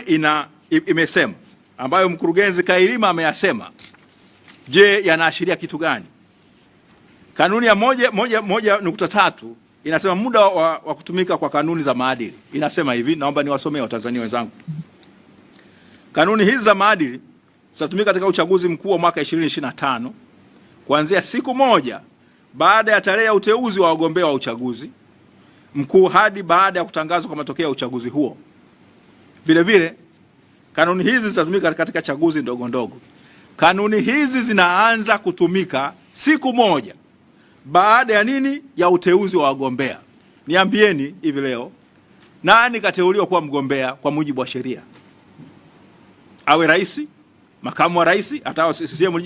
tume ina imesema ambayo mkurugenzi Kailima ameyasema, je, yanaashiria kitu gani? Kanuni ya moja, moja, moja nukta tatu inasema muda wa, wa kutumika kwa kanuni za maadili inasema hivi, naomba niwasomee Watanzania wenzangu. Kanuni hizi za maadili zitatumika katika uchaguzi mkuu wa mwaka 2025 kuanzia siku moja baada ya tarehe ya uteuzi wa wagombea wa uchaguzi mkuu hadi baada ya kutangazwa kwa matokeo ya uchaguzi huo. Vilevile kanuni hizi zitatumika katika chaguzi ndogo ndogo. Kanuni hizi zinaanza kutumika siku moja baada ya nini, ya uteuzi wa wagombea. Niambieni hivi leo, nani kateuliwa kuwa mgombea kwa mujibu wa sheria, awe rais, makamu wa rais, hata CCM,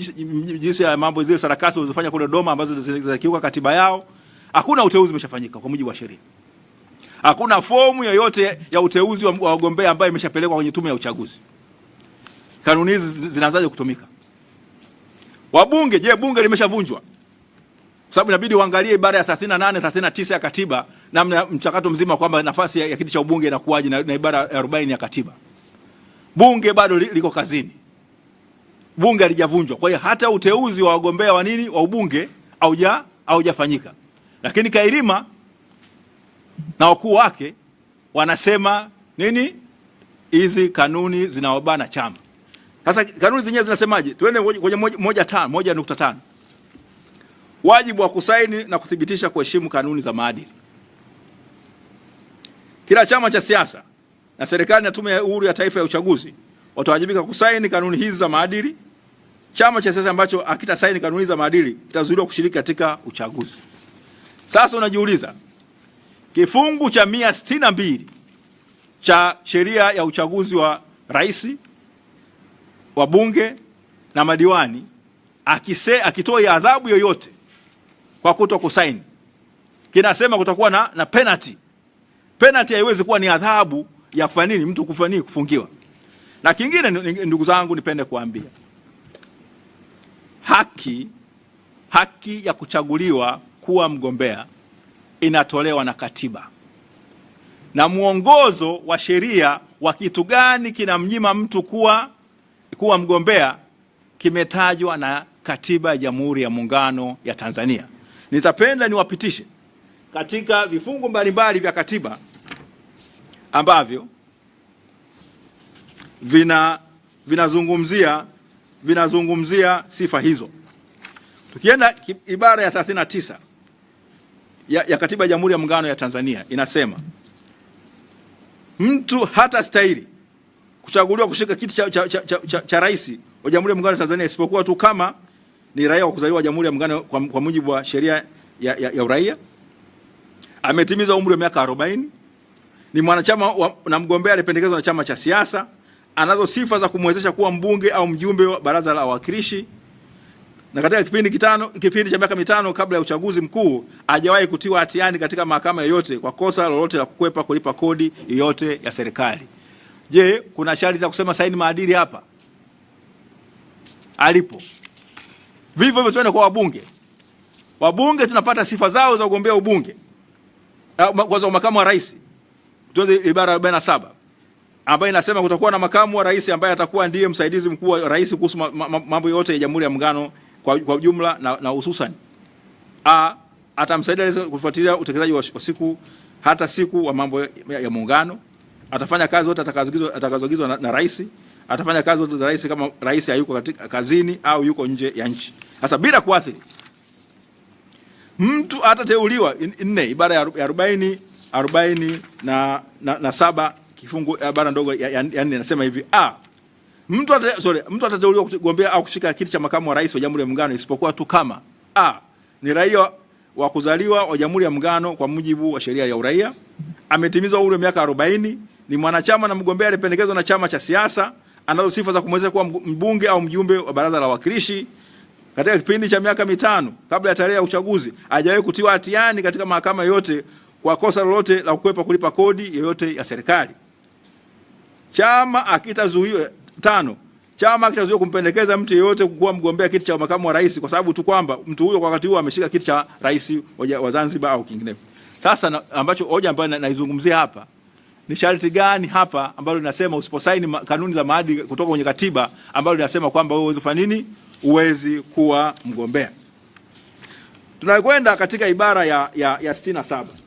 jinsi ya mambo zile sarakasi walizofanya kule Dodoma ambazo zinakiuka katiba yao, hakuna uteuzi umeshafanyika kwa mujibu wa sheria. Hakuna fomu yoyote ya uteuzi wa wagombea ambayo imeshapelekwa kwenye tume ya uchaguzi. Kanuni hizi zinaanzaje kutumika? Wabunge, je, bunge limeshavunjwa? Kwa sababu inabidi uangalie ibara ya 38, 39 ya katiba na mchakato mzima kwamba nafasi ya, ya kiti cha ubunge inakuwaje na, na ibara ya 40 ya katiba. Bunge bado li, liko kazini. Bunge halijavunjwa. Kwa hiyo hata uteuzi wa wagombea wa nini wa ubunge hauja haujafanyika. Lakini Kailima na wakuu wake wanasema nini? Hizi kanuni zinawabana chama. Sasa kanuni zenyewe zinasemaje? Tuende kwenye moja tano, moja nukta tano. Wajibu wa kusaini na kuthibitisha kuheshimu kanuni za maadili. Kila chama cha siasa na serikali na Tume ya Uhuru ya Taifa ya Uchaguzi watawajibika kusaini kanuni hizi za maadili. Chama cha siasa ambacho hakitasaini kanuni za maadili kitazuiliwa kushiriki katika uchaguzi. Sasa unajiuliza Kifungu cha mia sitini na mbili cha sheria ya uchaguzi wa rais, wa bunge na madiwani akise, akitoa adhabu yoyote kwa kuto kusaini kinasema kutakuwa na, na penalty. Penalty haiwezi kuwa ni adhabu ya kufanya nini mtu kufanya kufungiwa. Na kingine, ndugu zangu, nipende kuambia haki haki ya kuchaguliwa kuwa mgombea inatolewa na katiba na mwongozo wa sheria wa kitu gani kinamnyima mtu kuwa, kuwa mgombea kimetajwa na katiba ya Jamhuri ya Muungano ya Tanzania. Nitapenda niwapitishe katika vifungu mbalimbali vya katiba ambavyo vina vinazungumzia vinazungumzia sifa hizo. Tukienda ibara ya 39 ya, ya Katiba ya Jamhuri ya Muungano ya Tanzania inasema mtu hata stahili kuchaguliwa kushika kiti cha, cha, cha, cha, cha, cha rais wa Jamhuri ya Muungano wa Tanzania isipokuwa tu kama ni raia wa kuzaliwa Jamhuri ya Muungano kwa, kwa mujibu wa sheria ya, ya, ya uraia, ametimiza umri wa miaka 40, ni mwanachama wa, na mgombea alipendekezwa na chama cha siasa, anazo sifa za kumwezesha kuwa mbunge au mjumbe wa Baraza la Wawakilishi na katika kipindi kitano, kipindi cha miaka mitano kabla ya uchaguzi mkuu hajawahi kutiwa hatiani katika mahakama yoyote kwa kosa lolote la kukwepa kulipa kodi yoyote ya serikali. Je, kuna shari za kusema saini maadili hapa alipo? Vivyo hivyo tuende kwa wabunge. Wabunge tunapata sifa zao za kugombea ubunge kwa kwanza, makamu wa rais, tuanze ibara arobaini saba ambayo inasema kutakuwa na makamu wa rais ambaye atakuwa ndiye msaidizi mkuu wa rais kuhusu mambo yote ya Jamhuri ya Muungano kwa, kwa jumla na, na hususan a atamsaidia kufuatilia utekelezaji wa, wa siku hata siku wa mambo ya, ya muungano. Atafanya kazi zote atakazoagizwa na, na rais. Atafanya kazi zote za rais kama rais hayuko katika kazini au yuko nje ya nchi. Sasa bila kuathiri mtu atateuliwa nne ibara ya arobaini arobaini na, na, na saba kifungu ibara eh, ndogo ya nne inasema hivi a mtu ata, sorry, mtu atateuliwa kugombea au kushika kiti cha makamu wa rais wa Jamhuri ya Muungano isipokuwa tu kama a ni raia wa kuzaliwa wa Jamhuri ya Muungano kwa mujibu wa sheria ya uraia, ametimiza umri wa miaka 40, ni mwanachama na mgombea alipendekezwa na chama cha siasa, anazo sifa za kumwezesha kuwa mbunge au mjumbe wa Baraza la Wawakilishi katika kipindi cha miaka mitano kabla ya tarehe ya uchaguzi, hajawahi kutiwa hatiani katika mahakama yoyote kwa kosa lolote la kukwepa kulipa kodi yoyote ya serikali. Chama akitazuiwa Tano, chama kitazuia kumpendekeza mtu yeyote kuwa mgombea kiti cha makamu wa rais kwa sababu tu kwamba mtu huyo kwa wakati huo ameshika kiti cha rais wa Zanzibar au kingine. Sasa na, ambacho hoja ambayo naizungumzia na hapa ni sharti gani hapa ambalo linasema usiposaini kanuni za maadili kutoka kwenye katiba ambalo linasema kwamba wewe uwezi kufanya nini? Uwezi kuwa mgombea. Tunakwenda katika ibara ya, ya, ya sitini na saba.